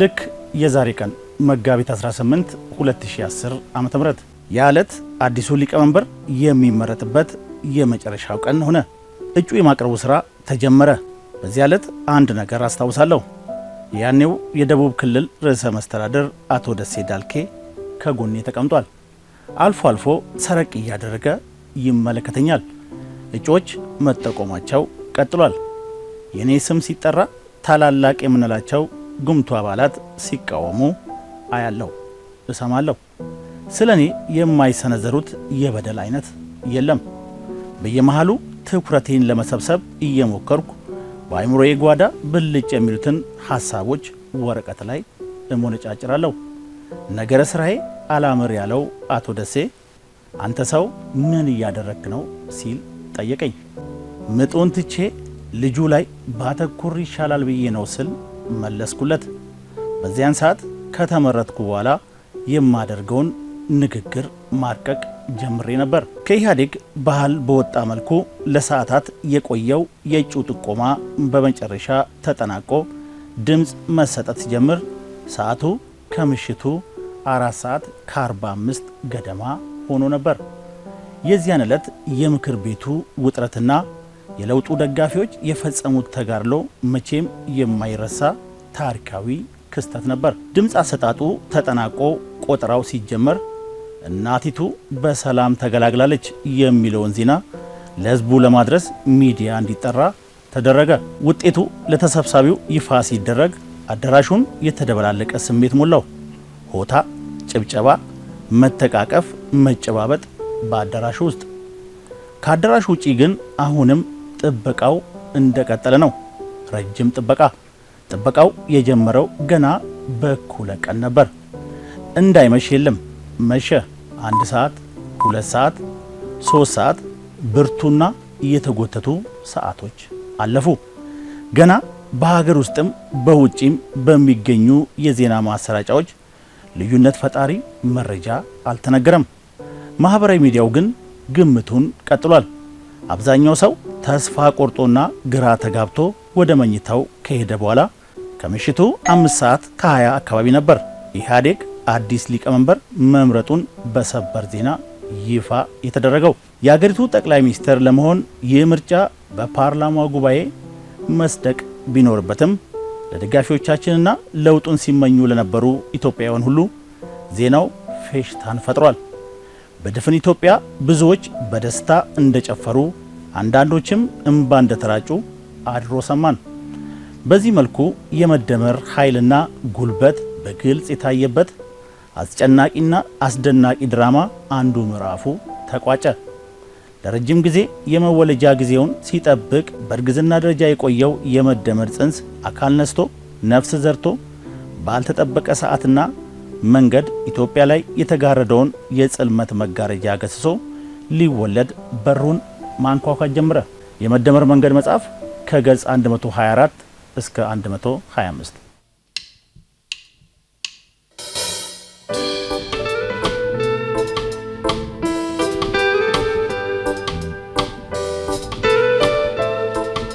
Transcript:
ልክ የዛሬ ቀን መጋቢት 18 2010 ዓ.ም ያ ዕለት አዲሱ ሊቀመንበር የሚመረጥበት የመጨረሻው ቀን ሆነ። እጩ የማቅረቡ ሥራ ተጀመረ። በዚህ ዕለት አንድ ነገር አስታውሳለሁ። ያኔው የደቡብ ክልል ርዕሰ መስተዳደር አቶ ደሴ ዳልኬ ከጎኔ ተቀምጧል። አልፎ አልፎ ሰረቅ እያደረገ ይመለከተኛል። እጩዎች መጠቆማቸው ቀጥሏል። የእኔ ስም ሲጠራ ታላላቅ የምንላቸው ጉምቱ አባላት ሲቃወሙ አያለሁ፣ እሰማለሁ። ስለ እኔ የማይሰነዘሩት የበደል አይነት የለም። በየመሃሉ ትኩረቴን ለመሰብሰብ እየሞከርኩ በአይምሮዬ ጓዳ ብልጭ የሚሉትን ሐሳቦች ወረቀት ላይ እሞነጫጭራለሁ። ነገረ ስራዬ አላምር ያለው አቶ ደሴ አንተ ሰው ምን እያደረግክ ነው ሲል ጠየቀኝ። ምጡን ትቼ ልጁ ላይ ባተኩር ይሻላል ብዬ ነው ስል መለስኩለት። በዚያን ሰዓት ከተመረጥኩ በኋላ የማደርገውን ንግግር ማርቀቅ ጀምሬ ነበር። ከኢህአዴግ ባህል በወጣ መልኩ ለሰዓታት የቆየው የእጩ ጥቆማ በመጨረሻ ተጠናቆ ድምፅ መሰጠት ሲጀምር ሰዓቱ ከምሽቱ አራት ሰዓት ከ45 ገደማ ሆኖ ነበር። የዚያን ዕለት የምክር ቤቱ ውጥረትና የለውጡ ደጋፊዎች የፈጸሙት ተጋድሎ መቼም የማይረሳ ታሪካዊ ክስተት ነበር። ድምፅ አሰጣጡ ተጠናቆ ቆጠራው ሲጀመር እናቲቱ በሰላም ተገላግላለች የሚለውን ዜና ለሕዝቡ ለማድረስ ሚዲያ እንዲጠራ ተደረገ። ውጤቱ ለተሰብሳቢው ይፋ ሲደረግ አዳራሹን የተደበላለቀ ስሜት ሞላው። ሆታ፣ ጭብጨባ፣ መተቃቀፍ፣ መጨባበጥ በአዳራሹ ውስጥ ከአዳራሹ ውጪ ግን አሁንም ጥበቃው እንደቀጠለ ነው። ረጅም ጥበቃ። ጥበቃው የጀመረው ገና በኩለ ቀን ነበር። እንዳይመሽ የለም መሸ። አንድ ሰዓት፣ ሁለት ሰዓት፣ ሶስት ሰዓት ብርቱና እየተጎተቱ ሰዓቶች አለፉ። ገና በሀገር ውስጥም በውጪም በሚገኙ የዜና ማሰራጫዎች ልዩነት ፈጣሪ መረጃ አልተነገረም። ማህበራዊ ሚዲያው ግን ግምቱን ቀጥሏል። አብዛኛው ሰው ተስፋ ቆርጦና ግራ ተጋብቶ ወደ መኝታው ከሄደ በኋላ ከምሽቱ አምስት ሰዓት ከሀያ አካባቢ ነበር ኢህአዴግ አዲስ ሊቀመንበር መምረጡን በሰበር ዜና ይፋ የተደረገው። የአገሪቱ ጠቅላይ ሚኒስትር ለመሆን ይህ ምርጫ በፓርላማ ጉባኤ መስደቅ ቢኖርበትም ለደጋፊዎቻችንና ለውጡን ሲመኙ ለነበሩ ኢትዮጵያውያን ሁሉ ዜናው ፌሽታን ፈጥሯል። በድፍን ኢትዮጵያ ብዙዎች በደስታ እንደጨፈሩ አንዳንዶችም እምባ እንደተራጩ አድሮ ሰማን። በዚህ መልኩ የመደመር ኃይልና ጉልበት በግልጽ የታየበት አስጨናቂና አስደናቂ ድራማ አንዱ ምዕራፉ ተቋጨ። ለረጅም ጊዜ የመወለጃ ጊዜውን ሲጠብቅ በእርግዝና ደረጃ የቆየው የመደመር ጽንስ አካል ነስቶ ነፍስ ዘርቶ ባልተጠበቀ ሰዓትና መንገድ ኢትዮጵያ ላይ የተጋረደውን የጽልመት መጋረጃ ገስሶ ሊወለድ በሩን ማንኳኳት ጀምረ የመደመር መንገድ መጽሐፍ ከገጽ 124 እስከ 125